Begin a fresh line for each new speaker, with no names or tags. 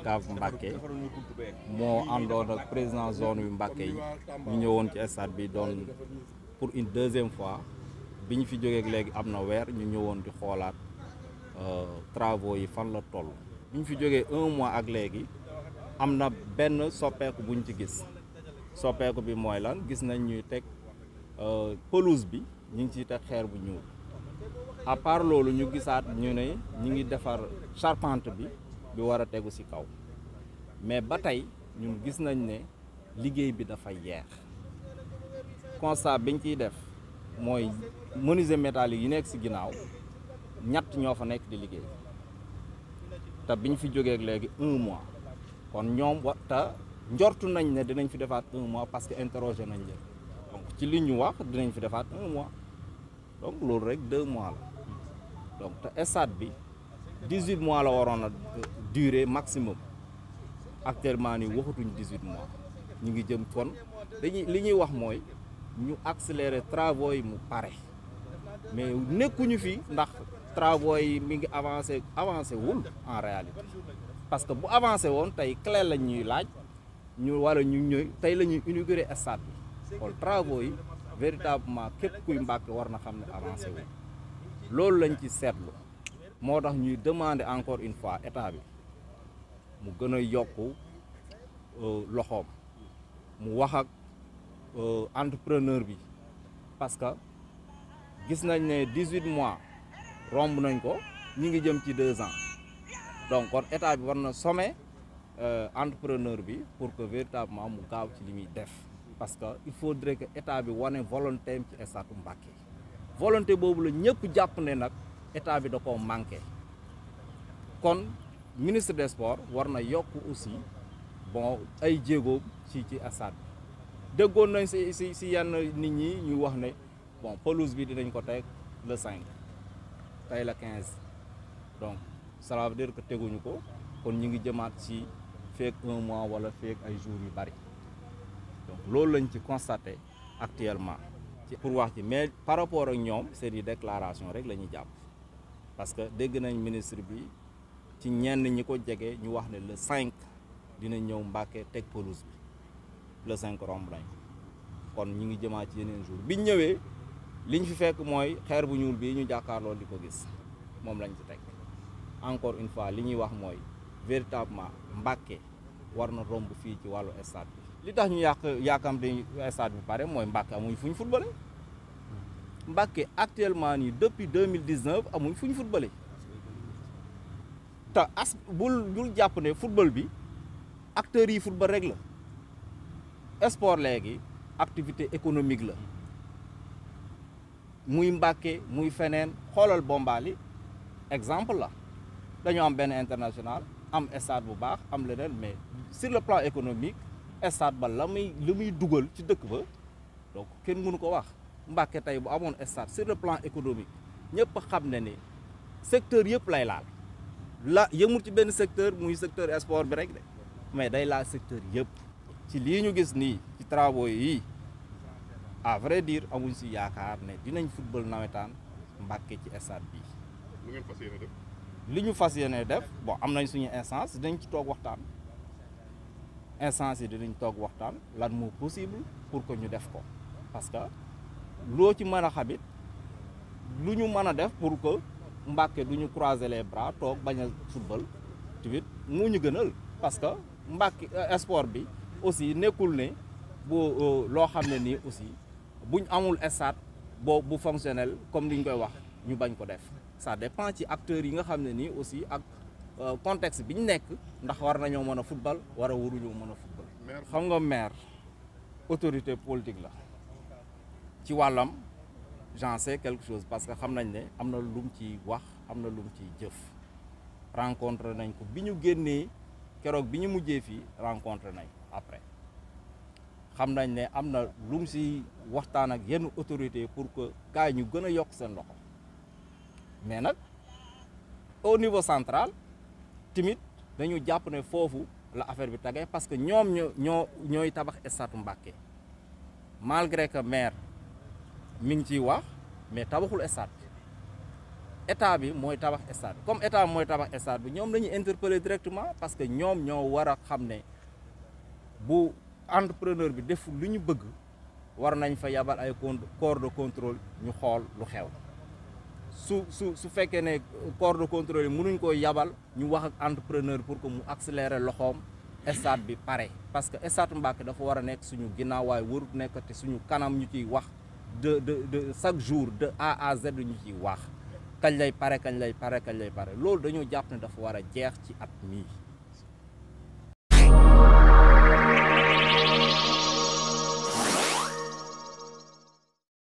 Ocav Mbacké moo àndoon ak président zone bi Mbacké yi ñu ñëwoon ci stade bi doon pour une deuxième fois bi ñu fi jógee léegi am na weer ñu ñëwoon di xoolaat euh, travaux yi fan la toll. bi ñu fi jógee un mois ak léegi am na benn soppeeku buñ ci gis soppeeku bi mooy lan gis nañ ñuy teg euh, pelouse bi ñu ngi ciy teg xeer bu ñuul à part loolu ñu gisaat ñu ne ñu ngi defar charpente bi. bi war a tegu si kaw mais ba tey ñun gis nañ ne liggéey bi dafa yeex constat biñ ciy def mooy menuisier métallique yi nekk si ginnaaw ñett ñoo fa nekk di liggéey te biñ fi jógee léegi un mois kon ñoom wa ta njortu nañ ne dinañ fi defaat un mois parce que interroger nañ leen donc ci li ñu wax dinañ fi defaat un mois loolu rek deux mois la donc te stade bi 18 mois la waroon a durée maximum actuellement nii waxatuñ 18 mois ñu ngi jëm kon dañuy li ñuy wax mooy ñu accélérer travaux yi mu pare mais nekkuñu fi ndax travaux yi mi ngi avancé avancé wul en réalité parce que bu avancé woon tey clé lañ ñuy laaj ñu wala ñu ñëw tey la ñuy inaugurer stade bi kon travaux yi véritablement képp kuy Mbàkke war na xam ne avancé wul loolu lañ ci seetlu. moo tax ñuy demander encore une fois état mu gën a yokk euh, loxoom mu waxak ak euh, entrepreneur bi parce que gis nañ ne dix-huit mois romb nañ ko ñi ngi jëm ci deux ans donc kon état bi war na sommer euh, entrepreneur bi pour que véritablement mu gaaw ci li muy def parce que il faudrait que état bi wane volonté am ci estatu Mbacké volonté boobu la ñëpp jàpp ne nag. état bi da ko manqué kon ministre des sports war na yokk aussi bon ay jéego ci ci stade bi déggoon nañ si si si yenn nit ñi ñu wax ne bon pelouse bi dinañ ko teg le 5 tey la 15 donc ça veut dire que teguñu ko kon ñu ngi jëmaat si feek un mois wala feek ay jours yu bari donc loolu lañ ci constaté actuellement. pour wax ci mais par rapport ak ñoom seen i déclaration rek la ñuy jàpp. parce que dégg nañ ministre bi ci ñenn ñi ko jege ñu wax ne le 5 dina ñëw Mbàkke teg pelouse bi le 5 romb nañ kon ñu ngi jëmaa ci yeneen jour biñ ñëwee liñ fi fekk mooy xeer bu ñuul bii ñu jàkkaarloo di ko gis moom lañ ci teg encore une fois li ñuy wax mooy véritablement Mbàkke war na romb fii ci wàllu stade bi li tax ñu yàq yàkkamte stade bi pare mooy Mbàkke amuñ fu fuñ footballé Mbacké actuellement nii depuis 2019 amuñ fu ñu footballé te as bul bul jàpp ne football bi acteurs yi football rek la sport léegi activité économique la muy Mbacké muy feneen xoolal Bombali exemple la dañoo am benn international am stade bu baax am leneen mais sur le plan économique stade ba la muy la muy dugal ci dëkk ba donc kenn mënu ko wax Mbàkke tey bu amoon stade sur le plan économique ñëpp xam ne ni secteur yëpp lay laal la yëmul ci benn secteur muy secteur sport bi rek de mais day laal secteur yëpp ci lii ñu gis nii ci travaux yi à vrai dire amuñ si yaakaar ne dinañ football nawetaan Mbàkke ci stade bii li ñu fas yéene def bon am nañ suñu instance dinañ ci toog waxtaan instance yi dinañ toog waxtaan lan moo possible pour que ñu def ko loo ci mën a xamit lu ñu mën a def pour que Mbàkke du ñu croiser les bras toog bañ a football tamit moo ñu gënal parce que Mbàkke euh, sport bi aussi nekkul ne boo euh, loo xam ne nii aussi buñ amul stade boo bu fonctionnel comme li ñu koy wax ñu bañ ko def ça dépend ci acteurs yi nga xam ne nii aussi ak euh, contexte bi ñu nekk ndax war nañoo mën a football war a waruñoo mën a football. xam nga maire autorité politique la. ci wàllam j'en sais quelque chose parce que xam nañ ne am na lum ci wax am na lum ci jëf rencontré nañ ko bi ñu génnee keroog bi ñu mujjee fii rencontré nañ après xam nañ ne am na lum si waxtaan ak yenn autorité pour que gars ñu gën a yokk seen loxo mais nag au niveau central timit dañu jàpp ne foofu la affaire bi tagee parce que ñoom ñoo ñooy tabax estatu Mbàkke malgre que maire mi ngi ciy wax mais tabaxul stade bi état bi mooy tabax stade bi comme état bi mooy tabax stade bi ñoom la ñuy interpeller directement parce que ñoom ñoo war a xam ne bu entrepreneur bi def lu ñu bëgg war nañ fa yabal ay corps de contrôle ñu xool lu xew su su su fekkee ne corps de contrôle yi mënuñ koo yabal ñu wax ak entrepreneur pour ko mu accélérer loxoom stade bi pare parce que stade Mbacké dafa war a nekk suñu ginnaaw waaye warut nekk te suñu kanam ñu ciy wax de de de chaque jour de A à Z ñu ciy wax kañ lay pare kañ lay pare kañ lay pare loolu dañoo jàpp ne dafa war a jeex ci at mii.